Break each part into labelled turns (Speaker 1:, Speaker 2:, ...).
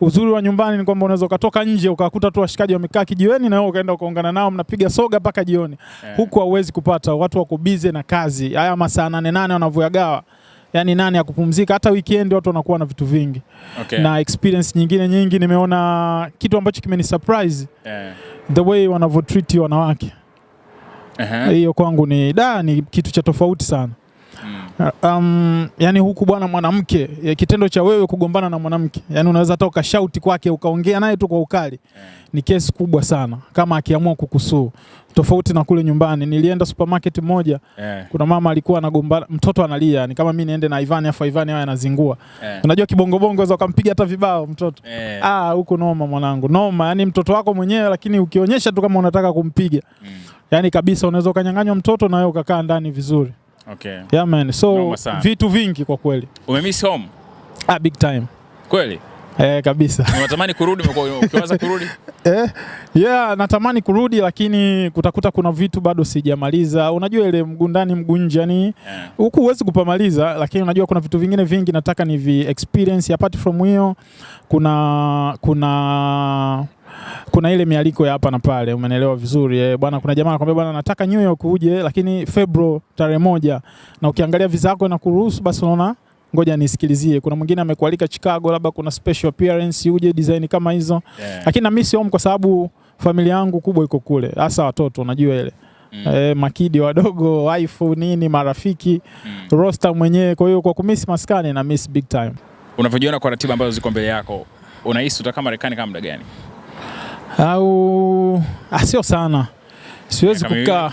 Speaker 1: uzuri wa nyumbani ni kwamba unaweza ukatoka nje ukakuta tu washikaji wamekaa kijiweni na wewe ukaenda ukaungana nao mnapiga soga mpaka jioni yeah. Huku hauwezi kupata, watu wako bize na kazi, haya masaa nane nane wanavyoyagawa yani nani ya kupumzika, hata weekend watu wanakuwa na vitu vingi okay. Na experience nyingine nyingi nimeona kitu ambacho kimeni surprise yeah. The way wanavyo treat wanawake hiyo uh -huh. Kwangu ni da ni kitu cha tofauti sana mm. Um, yani huku bwana, mwanamke ya eh, kitendo cha wewe kugombana na mwanamke, yani unaweza hata ukashauti kwake ukaongea naye tu kwa ukali Ni kesi kubwa sana kama akiamua kukusuu, tofauti na kule nyumbani. Nilienda supermarket moja yeah. Kuna mama alikuwa anagombana, mtoto analia, ni kama mimi niende na Ivan afa Ivan awe anazingua yeah. Unajua kibongo bongo unaweza ukampiga hata vibao mtoto yeah. Ah, huko noma mwanangu, noma yani mtoto wako mwenyewe, lakini ukionyesha tu kama unataka kumpiga mm. Yani kabisa unaweza ukanyang'anywa mtoto na wewe ukakaa ndani vizuri. Okay. Yeah man. So vitu vingi kwa kweli.
Speaker 2: Umemiss home? Ah, big time. Kweli?
Speaker 1: Eh, kabisa.
Speaker 2: Unatamani kurudi ukiwaza kurudi?
Speaker 1: Eh, yeah, natamani kurudi lakini kutakuta kuna vitu bado sijamaliza. Unajua ile mguu ndani mguu nje yani huku yeah. Huwezi kupamaliza lakini unajua kuna vitu vingine vingi nataka ni vi experience apart from hiyo kuna kuna kuna ile mialiko ya hapa na pale, umenelewa vizuri eh, bwana. Kuna jamaa anakuambia bwana, nataka New York uje, lakini Febro tarehe moja, na ukiangalia visa yako inakuruhusu, basi unaona ngoja nisikilizie. Kuna mwingine amekualika Chicago, labda kuna special appearance uje, design kama hizo yeah. Lakini na mimi si kwa sababu familia yangu kubwa iko kule, hasa watoto, unajua ile Mm. eh, makidi wadogo wife nini marafiki mm. roster mwenyewe. Kwa hiyo kwa kumiss maskani na miss big time.
Speaker 2: Unavyojiona kwa ratiba ambazo ziko mbele yako, unahisi utakaa Marekani kama muda gani?
Speaker 1: au ah, sio sana, siwezi kukaa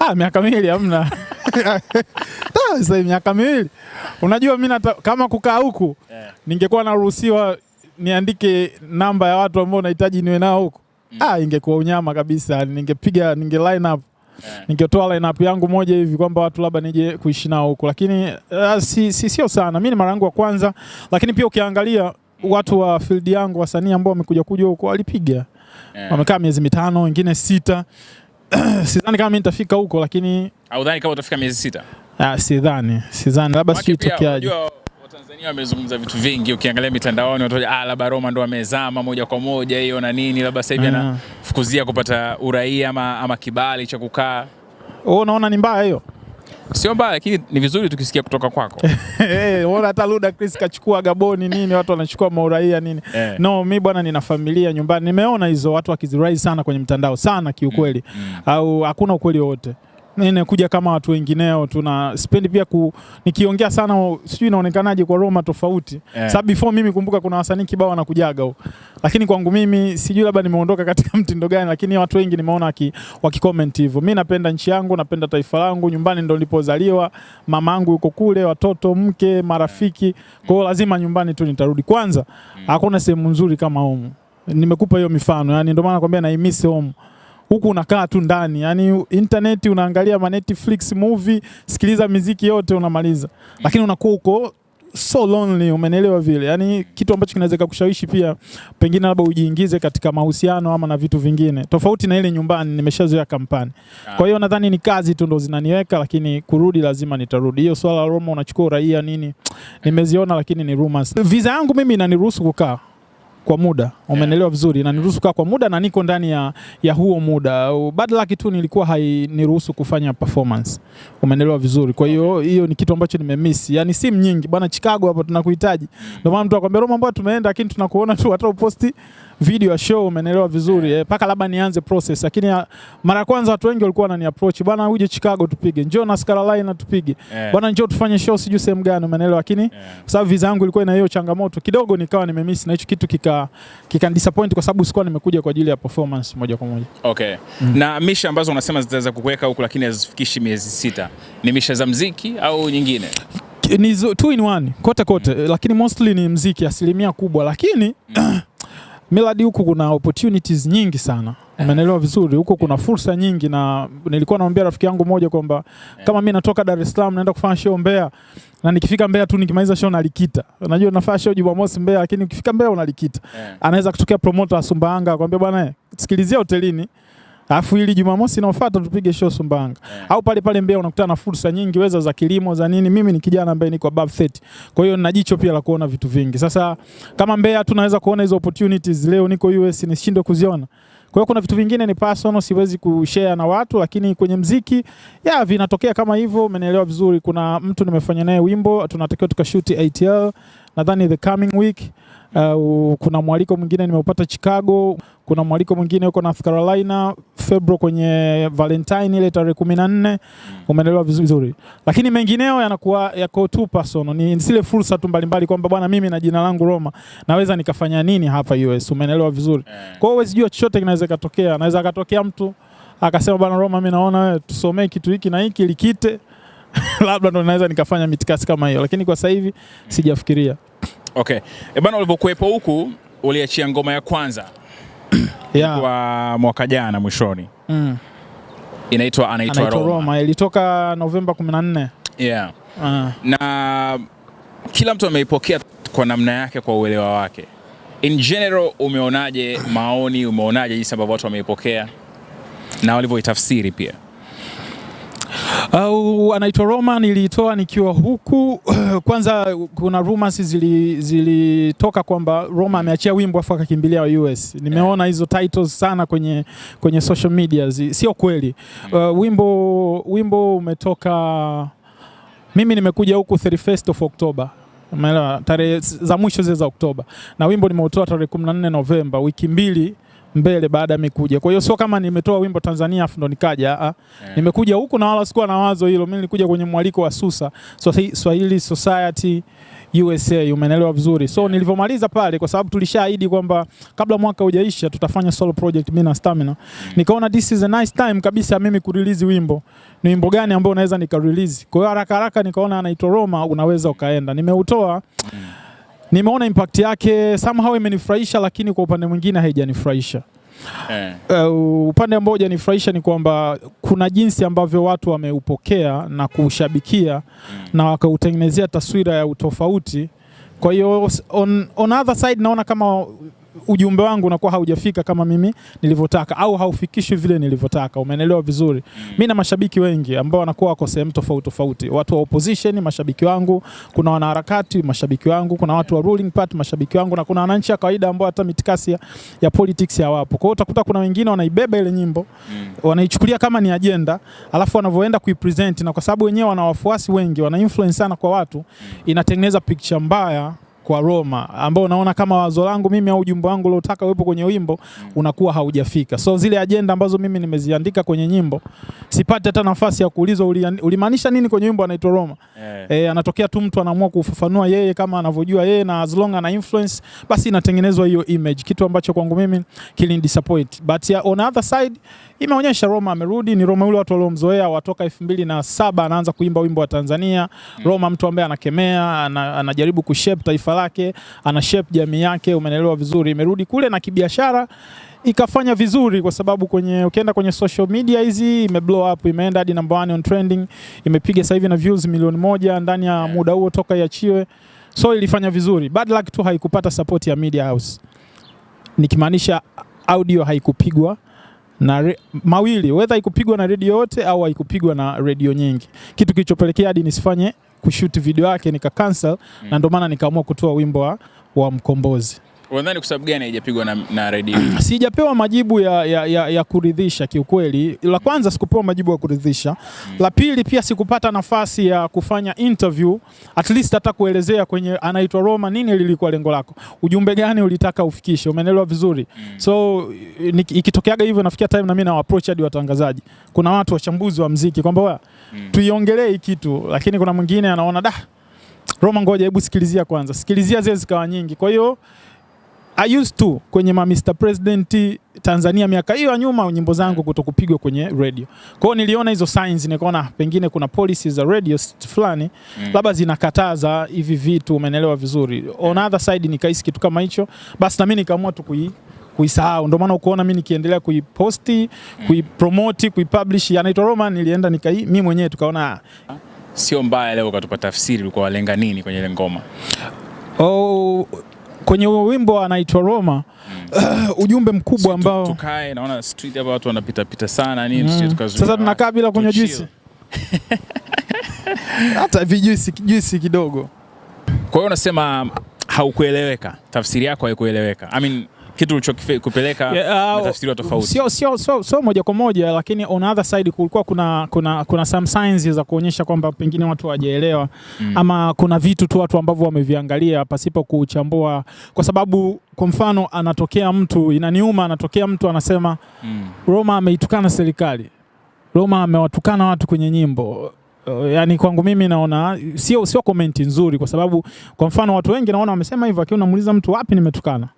Speaker 1: ah, miaka miwili hamna ah, sasa miaka miwili unajua, mimi kama kukaa huku yeah, ningekuwa naruhusiwa niandike namba ya watu ambao nahitaji niwe nao huku mm. Ah, ingekuwa unyama kabisa, ningepiga ninge line up yeah, ningetoa line up yangu moja hivi kwamba watu labda nije kuishi nao huku, lakini uh, si, si sio sana. Mimi ni mara yangu ya kwanza, lakini pia ukiangalia mm. watu wa field yangu wasanii ambao wamekuja kuja huko walipiga yeah. Wamekaa miezi mitano, wengine sita sidhani kama mi nitafika huko, lakini
Speaker 2: audhani kama utafika miezi sita?
Speaker 1: Ah, sidhani, sidhani,
Speaker 2: labda sijui itokeaje. Watanzania wamezungumza vitu vingi, ukiangalia mitandaoni watu ah, labda Roma ndo amezama moja kwa moja hiyo na nini, labda sasa hivi ah. anafukuzia kupata uraia ama, ama kibali cha kukaa.
Speaker 1: Unaona ni mbaya hiyo
Speaker 2: Sio mbaya lakini ni vizuri tukisikia kutoka kwako.
Speaker 1: Eh, unaona hata Luda Chris kachukua Gaboni nini, watu wanachukua mauraia nini eh. No, mi bwana, nina familia nyumbani, nimeona hizo watu wakizirai sana kwenye mtandao sana kiukweli mm. mm. au hakuna ukweli wowote inakuja kama watu wengineo. Tuna spendi pia ku, nikiongea sana sijui inaonekanaje kwa Roma tofauti yeah. Sababu before mimi kumbuka, kuna wasanii kibao wanakujaga, lakini kwangu mimi sijui labda nimeondoka katika mtindo gani, lakini watu wengi nimeona wakicomment hivyo. Mi napenda nchi yangu, napenda taifa langu, nyumbani ndo nilipozaliwa, mama yangu yuko kule, watoto, mke, marafiki, kwa lazima nyumbani tu nitarudi. Kwanza mm. hakuna sehemu nzuri kama home. Nimekupa hiyo mifano, yani ndio maana nakwambia naimisi home huku unakaa tu ndani, yani intaneti unaangalia ma Netflix movie, sikiliza miziki yote unamaliza, lakini unakuwa huko so lonely, umenelewa vile. Yani kitu ambacho kinaweza kushawishi pia pengine labda ujiingize katika mahusiano ama na vitu vingine tofauti na ile nyumbani, nimeshazoea kampani. Ah. Kwa hiyo nadhani ni kazi tu ndo zinaniweka, lakini kurudi lazima nitarudi. Hiyo swala la Roma unachukua uraia nini, nimeziona, lakini ni rumors. Visa yangu mimi inaniruhusu kukaa kwa muda umeelewa vizuri, niruhusu kaa kwa muda na niko ndani ya, ya huo muda. Bad luck tu nilikuwa hainiruhusu kufanya performance, umeelewa vizuri. Kwa hiyo hiyo ni kitu ambacho nimemiss, yani simu nyingi bwana. Chicago hapa tunakuhitaji, mm. ndio maana mtu akwambia Roma, mbona tumeenda, lakini tunakuona tu hata uposti video ya show, umeelewa vizuri yeah. eh, eh labda nianze process. Lakini ah, mara ya kwanza watu wengi walikuwa wanani approach bwana, uje Chicago tupige, njoo North Carolina tupige yeah. bwana, njoo tufanye show sijui sehemu gani, umeelewa. Lakini yeah. kwa sababu visa yangu ilikuwa ina hiyo changamoto kidogo, nikawa nimemiss na hicho kitu kika kika disappoint, kwa sababu sikuwa nimekuja kwa ajili ya performance moja kwa moja.
Speaker 2: Okay. Mm. Na misha ambazo unasema zitaweza kukuweka huku lakini hazifikishi miezi sita, ni misha za mziki au nyingine?
Speaker 1: Ni two in one kote kote, mm. Lakini mostly ni mziki asilimia kubwa, lakini mm. Millard huku kuna opportunities nyingi sana, umeelewa vizuri. Huko kuna fursa nyingi, na nilikuwa naambia rafiki yangu moja kwamba kama mimi natoka Dar es Salaam naenda kufanya show Mbeya, na nikifika Mbeya tu nikimaliza show nalikita. Unajua nafanya show Jumamosi Mbeya, lakini ukifika Mbeya unalikita. Anaweza kutokea promoter wa Sumbawanga akwambia, bwana sikilizia hotelini Alafu ili Jumamosi inaofuata tupige show Sumbanga. Yeah. Au pale pale Mbeya unakutana na fursa nyingi weza za kilimo za nini. Mimi ni kijana ambaye niko above 30. Kwa hiyo nina jicho pia la kuona vitu vingi. Sasa kama Mbeya tunaweza kuona hizo opportunities leo niko US nishindwe kuziona. Kwa hiyo kuna vitu vingine ni personal siwezi kushare na watu, lakini kwenye mziki ya vinatokea kama hivyo, umenielewa vizuri. Kuna mtu nimefanya naye wimbo tunatakiwa tukashuti ATL nadhani the coming week. Uh, kuna mwaliko mwingine nimeupata Chicago, kuna mwaliko mwingine uko North Carolina Februari kwenye Valentine ile tarehe kumi na nne. Mm. Umeelewa vizuri, lakini mengineo yanakuwa yako tu personal, ni zile fursa tu mbalimbali kwamba bwana, mimi na jina langu Roma naweza nikafanya nini hapa US. Umeelewa vizuri, eh. kwa hiyo huwezi jua chochote kinaweza katokea. naweza katokea mtu akasema bwana Roma, mimi naona wewe tusomee kitu hiki na hiki likite labda ndo naweza nikafanya mitikasi kama hiyo, lakini kwa sasa hivi mm. sijafikiria.
Speaker 2: Okay. Ebana eh, bana, ulivyokuwepo huku uliachia ngoma ya kwanza yeah. kwa mwaka jana mwishoni mm. inaitwa anaitwa Roma. Roma
Speaker 1: ilitoka Novemba 14.
Speaker 2: Yeah. Uh. Na kila mtu ameipokea kwa namna yake kwa uelewa wake. In general umeonaje maoni, umeonaje jinsi ambavyo watu wameipokea na walivyoitafsiri pia?
Speaker 1: au anaitwa Roma. Niliitoa nikiwa huku. Kwanza kuna rumors zilitoka zili kwamba Roma ameachia wimbo afu akakimbilia wa US. Nimeona eh. hizo titles sana kwenye, kwenye social media, sio kweli. Mm. Uh, wimbo, wimbo umetoka, mimi nimekuja huku 31st of October tarehe za mwisho zile za Oktoba na wimbo nimeutoa tarehe 14 Novemba, wiki mbili mbele baada ya mimi Kwa hiyo sio kama nimetoa wimbo Tanzania afu ndo nikaja. A, yeah. Ah. Eh. Nimekuja huku na wala sikuwa na wazo hilo. Mimi nilikuja kwenye mwaliko wa Susa Swahili Society USA, umeelewa vizuri. So yeah. Nilivyomaliza pale kwa sababu tulishaahidi kwamba kabla mwaka hujaisha tutafanya solo project mimi na Stamina. Mm. Nikaona this is a nice time kabisa mimi kurelease wimbo. Ni wimbo gani ambao naweza nikarelease? Kwa hiyo haraka haraka nikaona anaitwa Roma unaweza ukaenda. Nimeutoa. Mm nimeona impact yake somehow imenifurahisha, lakini kwa upande mwingine haijanifurahisha. Eh. Uh, upande ambao hujanifurahisha ni kwamba kuna jinsi ambavyo watu wameupokea na kuushabikia mm. na wakautengenezea taswira ya utofauti. Kwa hiyo on, on other side naona kama ujumbe wangu unakuwa haujafika kama mimi nilivyotaka au haufikishi vile nilivyotaka. Umeelewa vizuri? Mm. Mimi na mashabiki wengi ambao wanakuwa wako sehemu tofauti tofauti, watu wa opposition mashabiki wangu, kuna wanaharakati mashabiki wangu, kuna watu wa ruling party mashabiki wangu, na kuna wananchi wa kawaida ambao hata mitikasi ya ya politics hawapo. Kwa hiyo utakuta kuna wengine wanaibeba ile nyimbo mm. wanaichukulia kama ni ajenda, alafu wanavyoenda kuipresent, na kwa sababu wenyewe wana wafuasi wengi, wana influence sana kwa watu, mm. inatengeneza picture mbaya kwa Roma ambao unaona kama wazo langu mimi au ujumbe wangu uliotaka uwepo kwenye wimbo unakuwa haujafika. So zile ajenda ambazo mimi nimeziandika kwenye nyimbo sipati hata nafasi ya kuulizwa ulimaanisha nini kwenye wimbo anaitwa Roma. Yeah. E, anatokea tu mtu anaamua kufafanua yeye kama anavyojua yeye na as long ana influence basi inatengenezwa hiyo image, kitu ambacho kwangu mimi kilini disappoint. But on other side imeonyesha Roma amerudi, ni Roma yule watu waliomzoea watoka elfu mbili na saba anaanza kuimba wimbo wa Tanzania mm. Roma mtu ambaye anakemea ana, anajaribu kushape taifa lake, ana shape jamii yake, umeelewa vizuri. Imerudi kule na kibiashara ikafanya vizuri kwa sababu kwenye ukienda kwenye social media hizi ime blow up, imeenda hadi number one on trending, imepiga sasa hivi na views milioni moja ndani ya muda huo toka iachiwe, so ilifanya vizuri. Bad luck tu haikupata support ya media house, nikimaanisha audio haikupigwa na re, mawili whether ikupigwa na redio yote au haikupigwa na redio nyingi, kitu kilichopelekea hadi nisifanye kushoot video yake nika cancel mm. na ndio maana nikaamua kutoa wimbo wa, wa Mkombozi.
Speaker 2: Unadhani kwa sababu gani haijapigwa na, na redio?
Speaker 1: Sijapewa majibu ya, ya, ya, ya kuridhisha kiukweli. La kwanza sikupewa majibu ya kuridhisha. Hmm. La pili pia sikupata nafasi ya kufanya interview at least hata kuelezea kwenye anaitwa Roma nini lilikuwa lengo lako. Ujumbe gani ulitaka ufikishe? Umeelewa vizuri. Hmm. So ikitokeaga hivyo nafikia time na mimi na approach hadi watangazaji. Kuna watu wachambuzi wa mziki kwamba hmm. tuiongelee hii kitu lakini kuna mwingine anaona da Roma ngoja hebu sikilizia kwanza. Sikilizia zile zikawa nyingi. Kwa hiyo I used to kwenye ma Mr President Tanzania miaka hiyo ya nyuma, nyimbo zangu kutokupigwa kwenye radio. Kwa hiyo niliona hizo signs, nikaona pengine kuna policies za radio fulani mm. labda zinakataza hivi vitu, umeelewa vizuri. On other side nikahisi kitu kama hicho, basi na mimi nikaamua tu kui kuisahau ndio maana ukoona mimi nikiendelea kuiposti, mm. kuipromote, kuipublish. Yanaitwa Roma, nilienda nika mimi mwenyewe tukaona ah.
Speaker 2: sio mbaya. Leo ukatupa tafsiri, ulikuwa walenga nini kwenye ile ngoma?
Speaker 1: Oh, kwenye huo wimbo anaitwa Roma mm. uh, ujumbe mkubwa ambao
Speaker 2: tukae, naona street hapa watu wanapita pita sana nini
Speaker 1: mm. Sasa tunakaa bila kunywa juisi hata vijuisi juisi kidogo.
Speaker 2: Kwa hiyo unasema haukueleweka, tafsiri yako haikueleweka. I mean kitu ulichokupeleka
Speaker 1: yeah, uh, tafsiriwa tofauti sio, sio, sio, so moja kwa moja, lakini on other side kulikuwa kuna, kuna, kuna some signs za kuonyesha kwamba pengine watu hawajaelewa mm. ama kuna vitu tu watu ambavyo wameviangalia pasipo kuchambua, kwa sababu kwa mfano anatokea mtu inaniuma, anatokea mtu anasema mm. Roma ameitukana serikali, Roma amewatukana watu kwenye nyimbo uh, Yani kwangu mimi naona sio sio komenti nzuri, kwa sababu kwa mfano watu wengi naona wamesema hivyo, akiwa namuuliza mtu wapi nimetukana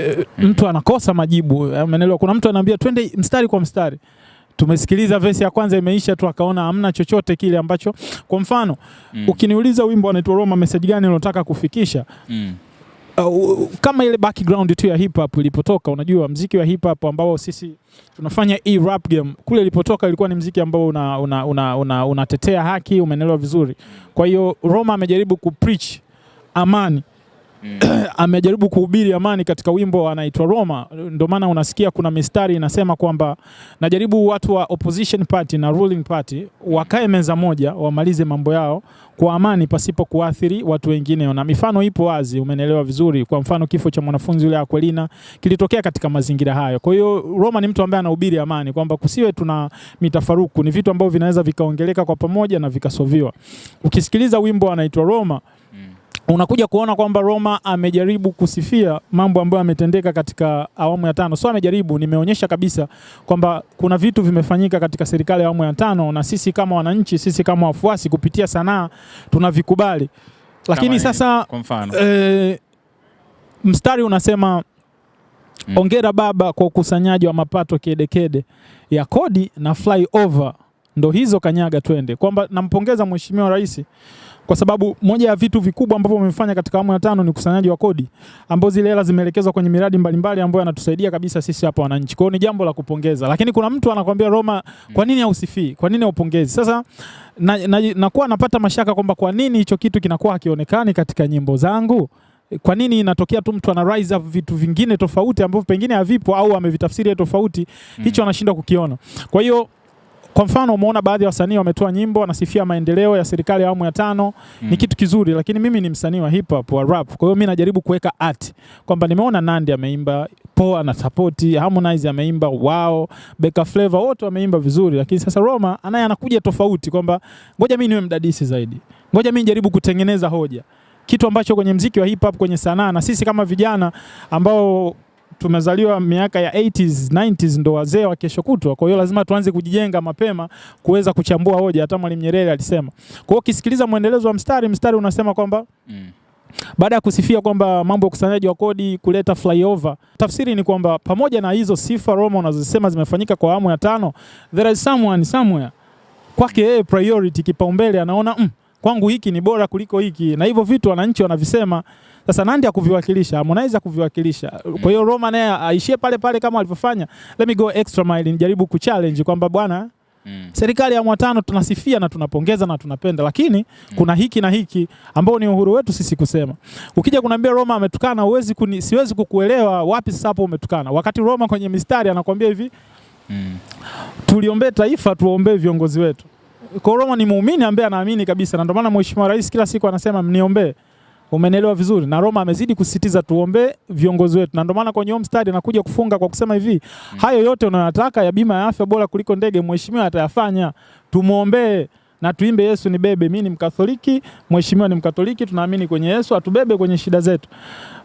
Speaker 1: Eh, mtu anakosa majibu. Umeelewa? Kuna mtu anaambia twende mstari kwa mstari tumesikiliza vesi ya kwanza imeisha tu, akaona hamna chochote kile ambacho, kwa mfano mm. ukiniuliza wimbo anaitwa Roma, message gani unataka kufikisha mm. uh, kama ile background tu ya hip hop ilipotoka, unajua mziki wa hip hop ambao sisi tunafanya e rap game kule ilipotoka ilikuwa ni mziki ambao unatetea una, una, una, una haki, umeelewa vizuri. Kwa hiyo Roma amejaribu preach amani amejaribu kuhubiri amani katika wimbo anaitwa Roma. Ndio maana unasikia kuna mistari inasema kwamba najaribu watu wa opposition party na ruling party wakae meza moja, wamalize mambo yao kwa amani pasipo kuathiri watu wengine, na mifano ipo wazi, umenelewa vizuri. Kwa mfano kifo cha mwanafunzi yule Aquilina kilitokea katika mazingira hayo. Kwa hiyo Roma ni mtu ambaye anahubiri amani, kwamba kusiwe tuna mitafaruku, ni vitu ambavyo vinaweza vikaongeleka kwa pamoja na vikasoviwa. Ukisikiliza wimbo anaitwa Roma mm unakuja kuona kwamba Roma amejaribu kusifia mambo ambayo ametendeka katika awamu ya tano. So amejaribu, nimeonyesha kabisa kwamba kuna vitu vimefanyika katika serikali ya awamu ya tano, na sisi kama wananchi, sisi kama wafuasi kupitia sanaa tunavikubali, lakini sasa e, mstari unasema mm, ongera baba kwa ukusanyaji wa mapato kedekede kede ya kodi na flyover ndo hizo kanyaga twende, kwamba nampongeza Mheshimiwa Rais kwa sababu moja ya vitu vikubwa ambavyo wamefanya katika awamu ya tano ni ukusanyaji wa kodi ambazo zile hela zimeelekezwa kwenye miradi mbalimbali ambayo yanatusaidia kabisa sisi hapa wananchi. Kwa hiyo ni jambo la kupongeza, lakini kuna mtu anakuambia Roma, kwa nini hausifii? Kwa nini haupongezi? Sasa nakuwa na, na, nakuwa napata mashaka kwamba kwa nini hicho kitu kinakuwa hakionekani katika nyimbo zangu kwa nini inatokea tu mtu ana rise up vitu vingine tofauti ambavyo pengine havipo au amevitafsiri tofauti, mm. hicho anashindwa kukiona. Kwa hiyo kwa mfano umeona baadhi ya wasanii wametoa nyimbo wanasifia maendeleo ya serikali ya awamu ya tano mm. Ni kitu kizuri, lakini mimi ni msanii wa hip hop wa rap, kwa hiyo mimi najaribu kuweka art kwamba nimeona Nandi ameimba poa na support, Harmonize ameimba wao, Beka Flavor wote wameimba vizuri, lakini sasa Roma anaye anakuja tofauti kwamba ngoja mimi niwe mdadisi zaidi, ngoja mimi jaribu kutengeneza hoja, kitu ambacho kwenye mziki wa hip hop kwenye sanaa na sisi kama vijana ambao tumezaliwa miaka ya 80s 90s, ndo wazee wa kesho kutwa. Kwa hiyo lazima tuanze kujijenga mapema kuweza kuchambua hoja, hata Mwalimu Nyerere alisema. Kwa hiyo ukisikiliza mwendelezo wa mstari, mstari unasema kwamba mm. Baada ya kusifia kwamba mambo ya ukusanyaji wa kodi kuleta flyover, tafsiri ni kwamba pamoja na hizo sifa Roma unazosema zimefanyika kwa awamu ya tano, there is someone somewhere kwake yeye priority, kipaumbele anaona mm, kwangu hiki ni bora kuliko hiki, na hivyo vitu wananchi wanavisema sasa Nandy hakuviwakilisha, Harmonize hakuviwakilisha. Kwa hiyo Roma naye aishie pale pale kama alivyofanya. Let me go extra mile, nijaribu kuchallenge kwamba bwana Mm. Serikali ya mwatano tunasifia na tunapongeza na tunapenda, lakini mm. kuna hiki na hiki ambao ni uhuru wetu sisi kusema. Ukija kuniambia Roma ametukana, uwezi kuni, siwezi kukuelewa wapi sasa hapo umetukana, wakati Roma kwenye mistari anakuambia hivi mm. tuliombee taifa, tuombee viongozi wetu. Kwa Roma ni muumini ambaye anaamini kabisa, na ndio maana Mheshimiwa Rais kila siku anasema mniombee. Umenelewa vizuri, na Roma amezidi kusisitiza tuombe viongozi wetu, na ndio maana kwenye home study anakuja kufunga kwa kusema hivi mm. hayo yote unayotaka ya bima ya afya bora kuliko ndege, mheshimiwa atayafanya, Tumuombe na tuimbe Yesu ni bebe. Mimi ni Mkatholiki, mheshimiwa ni Mkatholiki, tunaamini kwenye Yesu atubebe kwenye shida zetu.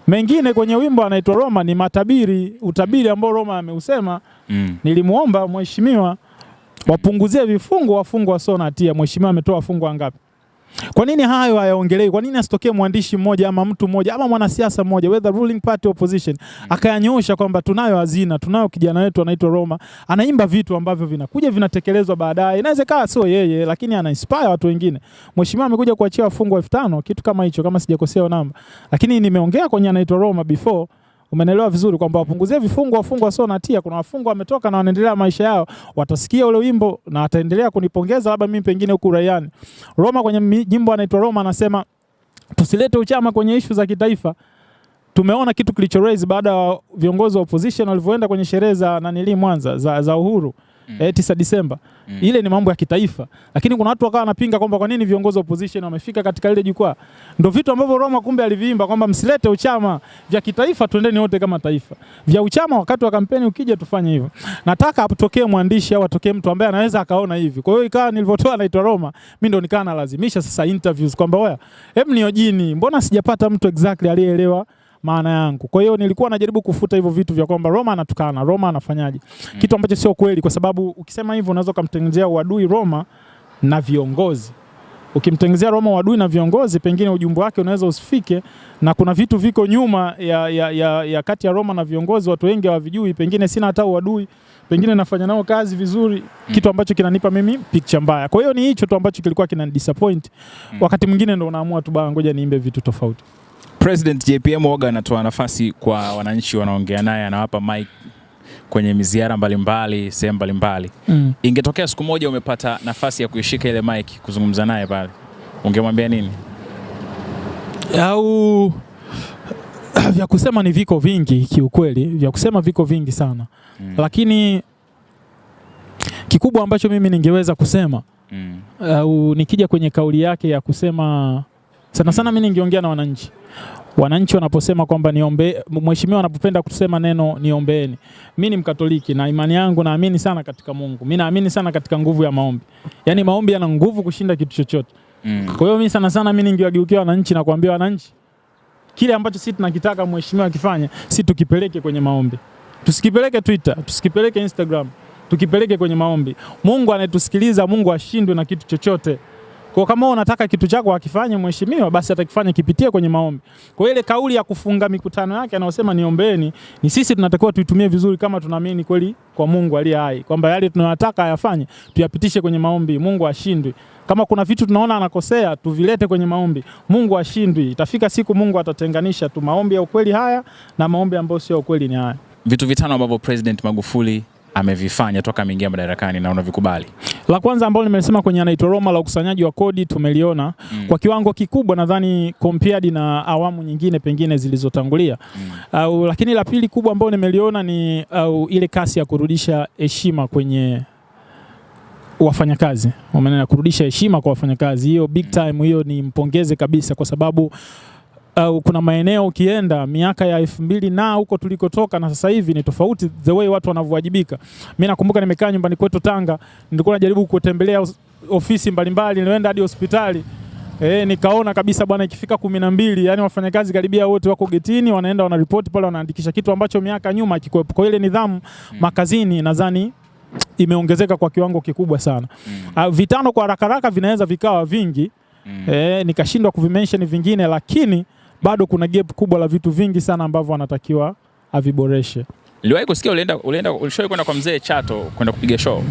Speaker 1: Mengine kwenye wimbo anaitwa Roma ni matabiri, utabiri ambao Roma ameusema mm. nilimuomba mheshimiwa wapunguzie vifungo wafungwa wasio na hatia. Mheshimiwa ametoa wafungwa ngapi? Kwa nini hayo hayaongelewi? Kwa nini asitokee mwandishi mmoja ama mtu mmoja ama mwanasiasa mmoja, whether ruling party opposition, mm. akayanyosha kwamba tunayo hazina, tunayo kijana wetu anaitwa Roma, anaimba vitu ambavyo vinakuja vinatekelezwa baadaye. Inawezekana sio yeye, lakini ana inspire watu wengine. Mheshimiwa amekuja kuachia wafungwa elfu kitu kama hicho, kama sijakosea namba, lakini nimeongea kwenye anaitwa Roma before umenelewa vizuri kwamba wapunguzie vifungo wafungwa sio natia. Kuna wafungwa wametoka na wanaendelea maisha yao, watasikia ule wimbo na wataendelea kunipongeza, labda mimi pengine huku raiani. Roma kwenye jimbo anaitwa Roma anasema tusilete uchama kwenye ishu za kitaifa. Tumeona kitu kilicho raise baada ya viongozi wa opposition walivyoenda kwenye sherehe za nanili Mwanza za, za uhuru mm. eh, 9 Disemba mm. ile ni mambo ya kitaifa, lakini kuna watu wakawa wanapinga kwamba kwa nini viongozi wa opposition wamefika katika ile jukwaa. Ndio vitu ambavyo Roma kumbe aliviimba kwamba msilete uchama vya kitaifa, tuendeni wote kama taifa. Vya uchama wakati wa kampeni ukija tufanye hivyo. Nataka atokee mwandishi au atokee mtu ambaye anaweza akaona hivi. Kwa hiyo ikawa nilivyotoa naitwa Roma, mimi ndio nikawa nalazimisha sasa interviews kwamba wewe, hebu niojini, mbona sijapata mtu exactly aliyeelewa maana yangu. Kwa hiyo nilikuwa najaribu kufuta hivyo vitu vya kwamba Roma anatukana, Roma anafanyaje, mm. kitu ambacho sio kweli, kwa sababu ukisema hivyo unaweza ukamtengenezea uadui Roma na viongozi. Ukimtengenezea Roma uadui na viongozi, pengine ujumbe wake unaweza usifike, na kuna vitu viko nyuma ya, ya, ya, ya kati ya Roma na viongozi, watu wengi hawavijui. Pengine sina hata uadui pengine nafanya nao kazi vizuri mm. Kitu ambacho kinanipa mimi picha mbaya. Kwa hiyo ni hicho tu ambacho kilikuwa kinanidisappoint mm. Wakati mwingine ndo unaamua tu baa, ngoja niimbe vitu tofauti.
Speaker 2: President JPM Oga anatoa nafasi kwa wananchi, wanaongea naye, anawapa mic kwenye miziara mbalimbali sehemu mbalimbali mm. Ingetokea siku moja umepata nafasi ya kuishika ile mic kuzungumza naye pale, ungemwambia nini?
Speaker 1: Au vya kusema ni viko vingi kiukweli, vya kusema viko vingi sana mm. Lakini kikubwa ambacho mimi ningeweza kusema mm. au nikija kwenye kauli yake ya kusema sana sana mimi ningeongea na wananchi. Wananchi wanaposema kwamba niombe, mheshimiwa anapopenda kusema neno niombeeni. Mimi ni Mkatoliki na imani yangu naamini sana katika Mungu. Mimi naamini sana katika nguvu ya maombi. Yaani maombi yana nguvu kushinda kitu chochote. Mm. Kwa hiyo mimi sana sana mimi ningewageukia wananchi na kuambia wananchi kile ambacho sisi tunakitaka mheshimiwa akifanye, si tukipeleke kwenye maombi. Tusikipeleke Twitter, tusikipeleke Instagram, tukipeleke kwenye maombi. Mungu anayetusikiliza, Mungu ashindwe na kitu chochote. Kwa kama unataka kitu chako akifanye mheshimiwa, basi atakifanya kipitie kwenye maombi. Kwa ile kauli ya kufunga mikutano yake anaosema niombeeni, ni sisi tunatakiwa tuitumie vizuri, kama tunaamini kweli kwa Mungu aliye hai kwamba yale tunayotaka ayafanye tuyapitishe kwenye maombi, Mungu ashindwe. Kama kuna vitu tunaona anakosea tuvilete kwenye maombi, Mungu ashindwe. Itafika siku Mungu atatenganisha tu maombi ya ukweli haya na maombi ambayo sio ukweli ni haya.
Speaker 2: Vitu vitano ambavyo President Magufuli amevifanya toka ameingia madarakani na unavikubali?
Speaker 1: La kwanza ambalo nimesema kwenye anaitwa Roma la ukusanyaji wa kodi tumeliona mm. kwa kiwango kikubwa nadhani compared na awamu nyingine pengine zilizotangulia mm. uh, lakini la pili kubwa ambalo nimeliona ni uh, ile kasi ya kurudisha heshima kwenye wafanyakazi, maana kurudisha heshima kwa wafanyakazi, hiyo big mm. time, hiyo ni mpongeze kabisa kwa sababu uh, kuna maeneo ukienda miaka ya elfu mbili na huko tulikotoka na sasa hivi ni tofauti the way watu wanavyowajibika. Mimi nakumbuka nimekaa nyumbani kwetu Tanga, nilikuwa najaribu kutembelea ofisi mbalimbali, nilienda hadi hospitali E, nikaona kabisa bwana, ikifika kumi na mbili yani wafanyakazi karibia wote wako getini, wanaenda wanaripoti pale, wanaandikisha kitu ambacho miaka nyuma kikwepo. Kwa ile nidhamu mm. makazini nadhani imeongezeka kwa kiwango kikubwa sana. Uh, vitano kwa haraka haraka vinaweza vikawa vingi Mm. Eh, nikashindwa kuvimention vingine, lakini mm bado kuna gap kubwa la vitu vingi sana ambavyo anatakiwa aviboreshe.
Speaker 2: Niliwahi kusikia ulienda ulienda ulishawahi kwenda kwa mzee Chato kwenda kupiga show.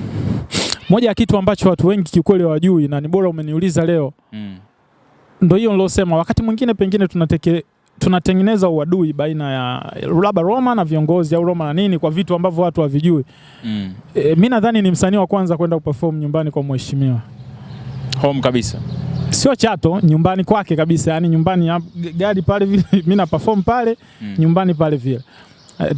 Speaker 1: Moja ya kitu ambacho watu wengi kiukweli hawajui na ni bora umeniuliza leo mm. Ndio hiyo nilosema, wakati mwingine pengine tunateke tunatengeneza uadui baina ya labda Roma na viongozi au Roma na nini kwa vitu ambavyo watu havijui mm. E, mi nadhani ni msanii wa kwanza kwenda kuperform nyumbani kwa mheshimiwa home kabisa sio Chato, nyumbani kwake kabisa, yani nyumbani ya, gari pale vile mimi na perform pale mm. nyumbani pale vile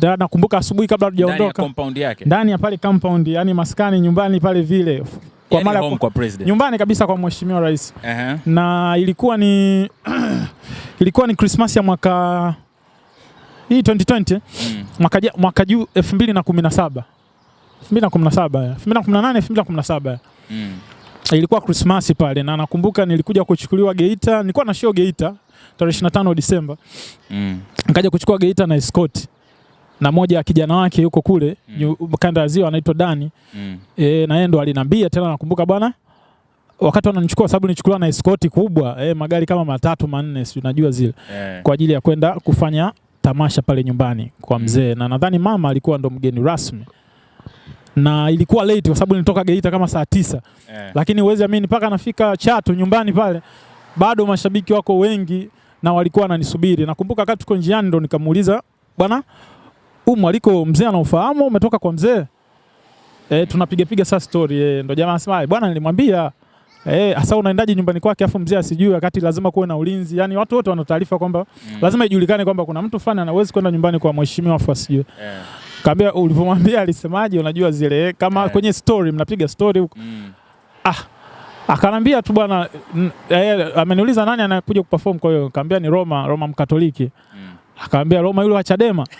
Speaker 1: uh, nakumbuka asubuhi kabla hatujaondoka ndani ya ndani ya pale compound, yani maskani nyumbani pale vile kwa
Speaker 2: yani mara kwa, kwa president
Speaker 1: nyumbani kabisa kwa mheshimiwa rais uh -huh. na ilikuwa ni ilikuwa ni Christmas ya mwaka hii 2020 mm. mwaka mwaka juu 2017 2017 2018 2017 mm ilikuwa Krismasi pale na nakumbuka nilikuja kuchukuliwa Geita, nilikuwa na show Geita tarehe 25 Disemba. Mm. Nikaja kuchukua Geita na escort na moja ya kijana wake yuko kule mm. kanda ya Ziwa anaitwa Dani mm. E, na yeye ndo aliniambia tena, nakumbuka bwana, wakati wananichukua, sababu nilichukuliwa na escort kubwa e, magari kama matatu manne, si unajua zile yeah. kwa ajili ya kwenda kufanya tamasha pale nyumbani kwa mm. mzee mm. na nadhani mama alikuwa ndo mgeni rasmi na ilikuwa late kwa sababu nilitoka Geita kama saa tisa eh. Lakini uwezi amini mpaka nafika Chato nyumbani pale bado mashabiki wako wengi na walikuwa wananisubiri. Nakumbuka wakati tuko njiani ndo nikamuuliza bwana, huu mwaliko mzee anaufahamu umetoka kwa mzee? Eh, tunapigapiga saa story eh, ndo jamaa anasema bwana, nilimwambia eh, asa unaendaje nyumbani kwake afu mzee asijui, wakati lazima kuwe na ulinzi. Yani watu wote wana taarifa kwamba mm. lazima ijulikane kwamba kuna mtu fulani anaweza kwenda nyumbani kwa mheshimiwa afu asijue. Yeah. Kaambia ulivyomwambia alisemaje? Unajua zile kama yeah. kwenye story mnapiga story huko mm. ah, akanambia tu bwana, eh, ameniuliza nani anakuja kuperform. Kwa hiyo nikamwambia ni Roma, Roma Mkatoliki mm. Akaambia Roma yule wa Chadema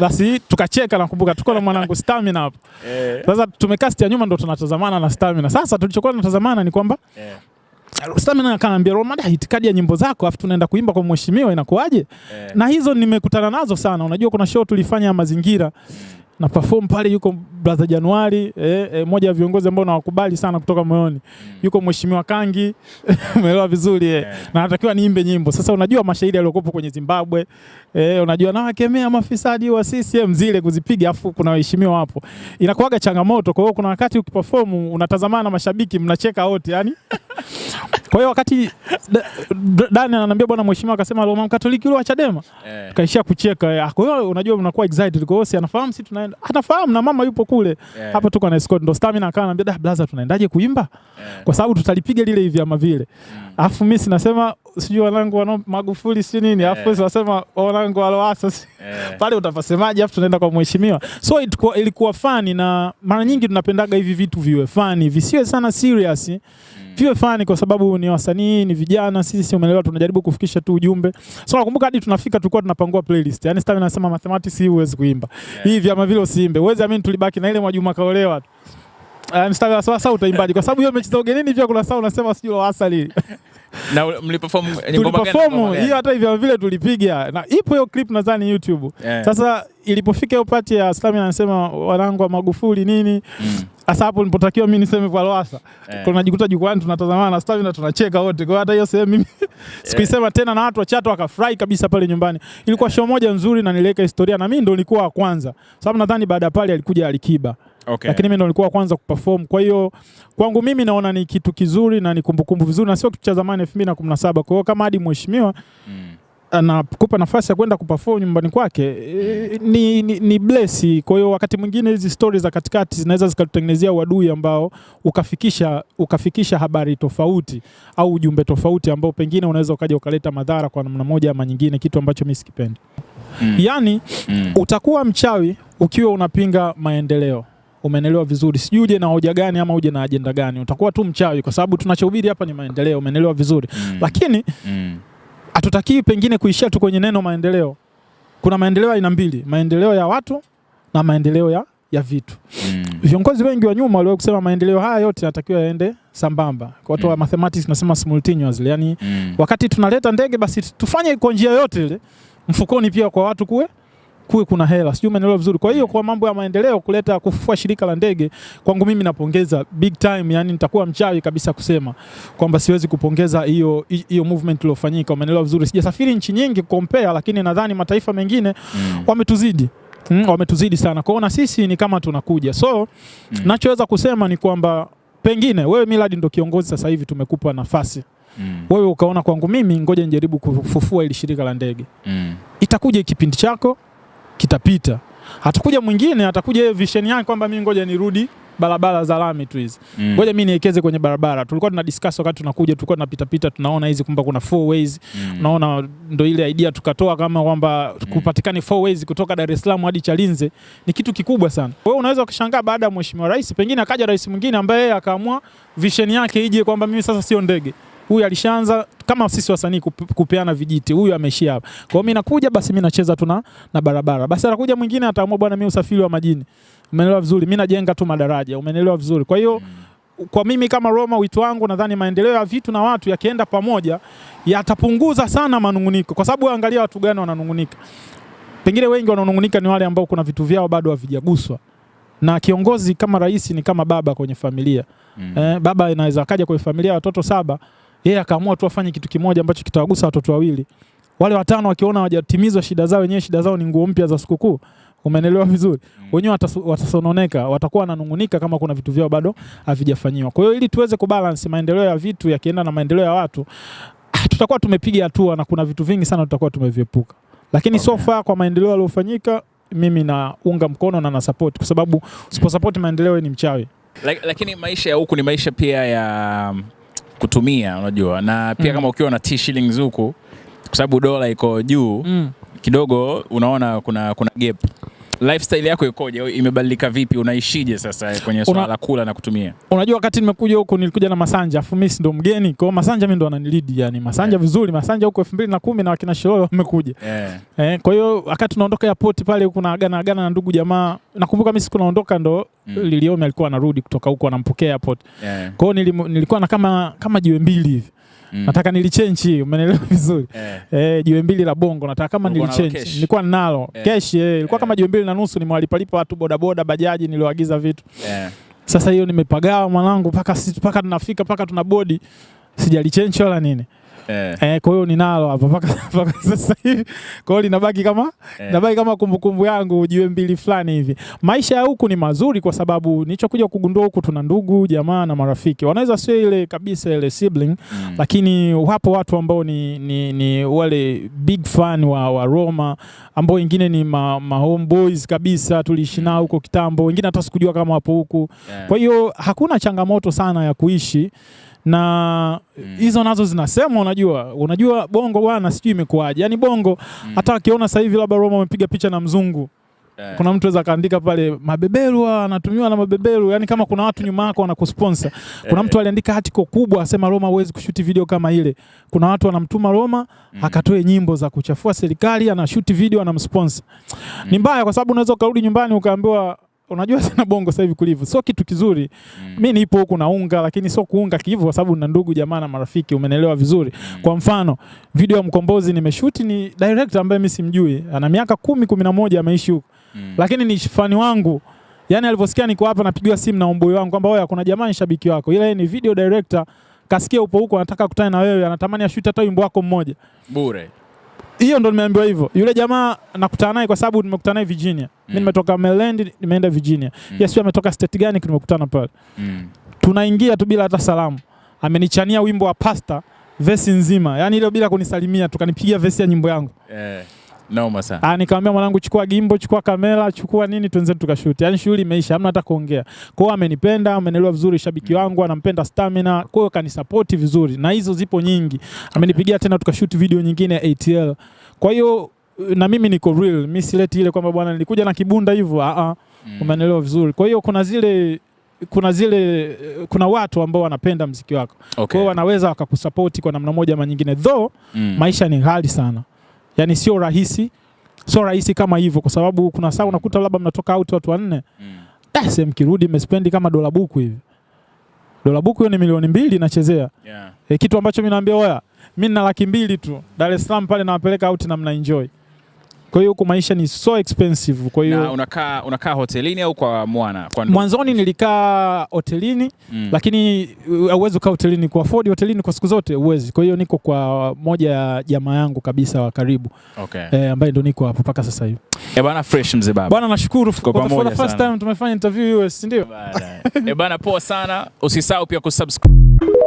Speaker 1: basi tukacheka. Nakumbuka tuko na mwanangu Stamina hapo eh. sasa, tumekasti ya nyuma ndo tunatazamana na Stamina. Sasa tulichokuwa tunatazamana ni kwamba yeah. Stamina akaambia Romada, itikadi ya nyimbo zako afu tunaenda kuimba kwa mheshimiwa inakuaje? Eh. Na hizo nimekutana nazo sana. Unajua kuna show tulifanya ya mazingira mm na perform pale, yuko brother Januari eh, eh, moja ya viongozi ambao nawakubali sana kutoka moyoni mm. Yuko mheshimiwa Kangi umeelewa vizuri eh. Yeah. Na natakiwa niimbe nyimbo sasa. Unajua mashahidi aliyokuwepo kwenye Zimbabwe eh, unajua na wakemea mafisadi wa CCM zile kuzipiga, afu kuna waheshimiwa hapo, inakuwaga changamoto. Kwa hiyo kuna wakati ukiperform unatazamana, na mashabiki mnacheka wote yani Kwa hiyo wakati Dani ananiambia bwana mheshimiwa akasema Roma Mkatoliki yule wa Chadema, yeah. Kaishia kucheka. Eh. Kwa hiyo unajua mnakuwa excited. Kwa hiyo si anafahamu sisi tuna tunaenda, anafahamu na mama yupo kule yeah. Hapa tuko na escort, ndo stamina akawa anambia da blaza, tunaendaje kuimba yeah. Kwa sababu tutalipiga lile hivi ama vile mm. Afu mimi sinasema sijui wanangu wana Magufuli si nini, afu yeah. Sinasema wanangu waloasa yeah. Pale utapasemaje? Afu tunaenda kwa mheshimiwa, so ilikuwa fani, na mara nyingi tunapendaga hivi vitu viwe fani visiwe sana serious mm viwe fani kwa sababu ni wasanii, ni vijana sisi, umeelewa, tunajaribu kufikisha tu ujumbe. So nakumbuka hadi tunafika tulikuwa tunapangua playlist. Yaani Stamina anasema mathematics hii huwezi kuimba. Yeah. Hivi ama vile usiimbe. Huwezi amini tulibaki na ile Mwajuma kaolewa tu. Ah, Mstari wa sasa utaimbaje? Kwa sababu hiyo mechi za ugenini pia kuna saa unasema sijui la asali.
Speaker 2: na mliperform
Speaker 1: tuliperform hiyo, hata hivyo vile tulipiga, na ipo hiyo clip nadhani YouTube yeah. Sasa ilipofika hiyo party ya Slami anasema wanangu wa Magufuli nini hasa mm. Hapo nilipotakiwa mimi niseme kwa Lowassa yeah. Tunajikuta jukwani tunatazamana na Slami na tunacheka wote, kwa hata hiyo sehemu mimi sikuisema yeah. Tena na watu wachato wakafurahi kabisa pale nyumbani. Ilikuwa yeah. show moja nzuri na niliweka historia na mimi ndo nilikuwa wa kwanza, sababu nadhani baada ya pale alikuja Alikiba okay. Lakini mimi ndo nilikuwa kwanza kuperform. Kwa hiyo kwangu mimi naona ni kitu kizuri na ni kumbukumbu vizuri na sio kitu cha zamani 2017. Kwa hiyo kama hadi mheshimiwa mm anakupa nafasi ya kwenda kuperform nyumbani kwake mm. ni, ni, ni blessi. Kwa hiyo wakati mwingine hizi stori za katikati zinaweza zikatutengenezea uadui ambao ukafikisha, ukafikisha habari tofauti au ujumbe tofauti ambao pengine unaweza ukaja ukaleta madhara kwa namna moja ama nyingine, kitu ambacho mi sikipendi. Mm. Yaani mm. utakuwa mchawi ukiwa unapinga maendeleo umeelewa vizuri. Sijui uje na hoja gani ama uje na ajenda gani, utakuwa tu mchawi, kwa sababu tunachohubiri hapa ni maendeleo. Umeelewa vizuri mm. Lakini mm. hatutakii mm. pengine kuishia tu kwenye neno maendeleo. Kuna maendeleo aina mbili, maendeleo ya watu na maendeleo ya ya vitu mm. Viongozi wengi wa nyuma waliwahi kusema maendeleo haya yote yanatakiwa yaende sambamba. Kwa watu wa mm. mathematics tunasema simultaneously, yani mm. wakati tunaleta ndege basi tufanye kwa njia yote ile, mfukoni pia kwa watu kuwe kuwe kuna hela, sijui umeelewa vizuri. Kwa hiyo kwa mambo ya maendeleo kuleta kufufua shirika la ndege, kwangu mimi napongeza big time, yani nitakuwa mchawi kabisa kusema kwamba siwezi kupongeza hiyo hiyo movement iliyofanyika. Umeelewa vizuri, sijasafiri nchi nyingi kukompea, lakini nadhani mataifa mengine mm. wametuzidi mm, wametuzidi sana kwao, na sisi ni kama tunakuja. So mm. nachoweza kusema ni kwamba pengine wewe Millard ndo kiongozi sasa hivi, tumekupa nafasi mm. wewe ukaona kwangu mimi ngoja nijaribu kufufua ili shirika la ndege mm. itakuja kipindi chako kitapita. Atakuja mwingine, atakuja yeye vision yake kwamba mimi ngoja nirudi barabara za lami tu hizi Mm. ngoja mimi niwekeze kwenye barabara. Tulikuwa tuna discuss wakati tunakuja, tulikuwa tunapita pita, tunaona hizi kumbe kuna four ways mm. Unaona, ndo ile idea tukatoa kama kwamba mm. kupatikani four ways kutoka Dar es Salaam hadi Chalinze ni kitu kikubwa sana. Wewe unaweza ukashangaa baada ya mheshimiwa rais, pengine akaja rais mwingine ambaye yeye akaamua vision yake ije kwamba mimi sasa sio ndege huyu alishaanza kama sisi wasanii kupeana vijiti, huyu ameishia hapa. Kwa hiyo mimi nakuja basi, mimi nacheza tu na barabara, basi atakuja mwingine ataamua, bwana, mimi usafiri wa majini. Umeelewa vizuri, mimi najenga tu madaraja. Umeelewa vizuri, kwa hiyo mm. kwa mimi kama Roma, wito wangu nadhani maendeleo ya vitu na watu yakienda pamoja yatapunguza sana manunguniko, kwa sababu angalia watu gani wananungunika. Pengine wengi wanaonungunika ni wale ambao kuna vitu vyao bado havijaguswa na kiongozi. Kama rais ni kama baba kwenye familia mm. Eh, baba inaweza akaja kwenye familia ya watoto saba yeye akaamua tu afanye kitu kimoja ambacho kitawagusa watoto wawili. Wale watano wakiona hawajatimizwa shida zao wenyewe, shida zao ni nguo mpya za sikukuu. Umeelewa vizuri? Mm. Wenyewe watasononeka, watakuwa wananungunika kama kuna vitu vyao bado havijafanyiwa. Kwa hiyo ili tuweze kubalance maendeleo ya vitu yakienda na maendeleo ya watu, ah, tutakuwa tumepiga hatua na kuna vitu vingi sana tutakuwa tumeviepuka. Lakini okay, so far kwa maendeleo yaliyofanyika mimi naunga mkono na nasapoti kwa sababu usiposapoti maendeleo ni mchawi.
Speaker 2: Lakini maisha ya huku ni maisha pia ya kutumia unajua, na pia mm. kama ukiwa na t shillings huku, kwa sababu dola iko juu mm. kidogo, unaona kuna, kuna gap lifestyle yako ikoje? Imebadilika vipi? Unaishije sasa kwenye swala la kula na kutumia?
Speaker 1: Unajua, wakati nimekuja huku nilikuja na Masanja, afu mimi ndo mgeni kwao. Masanja mimi ndo ananilead yani, Masanja yeah. vizuri Masanja huko 2010 na na wakina Shilolo wamekuja eh yeah. Eh, kwa hiyo wakati tunaondoka airport pale kuna agana agana na ndugu jamaa, nakumbuka mimi siku naondoka ndo mm. Liliomi alikuwa anarudi kutoka huko anampokea airport yeah. Kwa hiyo nilikuwa na kama kama jiwe mbili hivi Mm. Nataka nilichenji hii, umeelewa vizuri? Eh, eh jiwe mbili la bongo nataka kama nilichenji. Nilikuwa ninalo. Eh. eh, ilikuwa eh, kama jiwe mbili na nusu nimewalipalipa watu bodaboda, bajaji nilioagiza vitu. Eh. Sasa hiyo nimepagawa mwanangu paka paka tunafika paka tuna bodi. Sijalichenji wala nini. Eh. Eh, kwa hiyo ninalo hapa mpaka sasa hivi. Kwa hiyo linabaki kama eh, linabaki kama kumbukumbu yangu jiwe mbili fulani hivi. Maisha ya huku ni mazuri kwa sababu nilichokuja kugundua huku tuna ndugu, jamaa na marafiki. Wanaweza sio ile kabisa ile sibling mm, lakini wapo watu ambao ni, ni, ni wale big fan wa, wa Roma ambao wengine ni ma, ma homeboys kabisa tuliishi nao huko kitambo. Wengine hata sikujua kama wapo huku. Yeah. Kwa hiyo hakuna changamoto sana ya kuishi na mm. hizo mm. nazo zinasema, unajua unajua bongo bwana, sijui imekuaje yani bongo mm. hata akiona sasa hivi labda Roma amepiga picha na mzungu yeah. Kuna mtu aweza kaandika pale mabeberu, anatumiwa na mabeberu, yani kama kuna watu nyuma yako wanakusponsor. Kuna eh. mtu aliandika article kubwa asema Roma huwezi kushuti video kama ile. Kuna watu wanamtuma Roma mm. akatoe nyimbo za kuchafua serikali, anashuti video, anamsponsor mm. Ni mbaya kwa sababu unaweza ukarudi nyumbani ukaambiwa unajua sana bongo sasa hivi kulivu sio kitu kizuri mm. Mimi nipo huku naunga, lakini sio kuunga kivu, kwa sababu na ndugu jamaa na marafiki, umenelewa vizuri mm. Kwa mfano video ya Mkombozi nimeshuti, ni director ambaye mimi simjui, ana miaka kumi kumi na moja ameishi huko mm. Lakini ni fani wangu, yani alivyosikia niko hapa napigiwa simu na umboi wangu kwamba wewe kuna jamaa ni shabiki wako, ila ni video director kasikia upo huko, anataka kutana na wewe, anatamani ashuti hata wimbo wako mmoja bure hiyo ndo nimeambiwa hivyo. Yule jamaa nakutana naye kwa sababu nimekutana naye Virginia. Mimi mm. nimetoka Maryland nimeenda Virginia. mm. sio ametoka state gani tumekutana pale. Mm. Tunaingia tu bila hata salamu. Amenichania wimbo wa Pasta vesi nzima. Yaani ile bila kunisalimia tukanipigia vesi ya nyimbo yangu. yeah. Naoma sana. Ah, nikamwambia mwanangu chukua gimbo, chukua kamera, chukua nini tuanze tukashoot. Yaani shughuli imeisha, hamna hata kuongea. Kwa hiyo amenipenda, amenielewa vizuri shabiki mm. wangu, anampenda stamina. Kwa hiyo kanisupport vizuri. Na hizo zipo nyingi. Amenipigia tena tukashoot video nyingine ATL. Kwa hiyo na mimi niko real, mimi sileti ile kwamba bwana nilikuja na kibunda hivyo. Ah ah. Mm. Umenielewa vizuri. Kwa hiyo kuna zile kuna zile kuna watu ambao wanapenda mziki wako. Okay. Kwa hiyo wanaweza wakakusupport kwa namna moja ama nyingine. Though mm. maisha ni ghali sana yani sio rahisi, sio rahisi kama hivyo, kwa sababu kuna saa unakuta labda mnatoka out watu wanne mm. Ah, kirudi mmespendi kama dola buku hivi dola buku hiyo ni milioni mbili nachezea yeah. E, kitu ambacho mi naambia waya mi nina laki mbili tu Dar es Salaam pale nawapeleka out na mna enjoy kwa hiyo huko maisha ni so expensive. Kwa hiyo unakaa unakaa hotelini au kwa mwana? Kwa mwanzoni nilikaa hotelini mm. lakini uh, uwezo ukaa hotelini kwa afford hotelini kwa siku zote uwezi. Kwa hiyo niko kwa moja ya jamaa yangu kabisa wa karibu okay. E, ambaye ndo niko hapo mpaka sasa hivi. E eh, bana, fresh mzee baba. Bana, nashukuru for the first time tumefanya interview US, ndio? E bana, eh, poa sana. Usisahau pia kusubscribe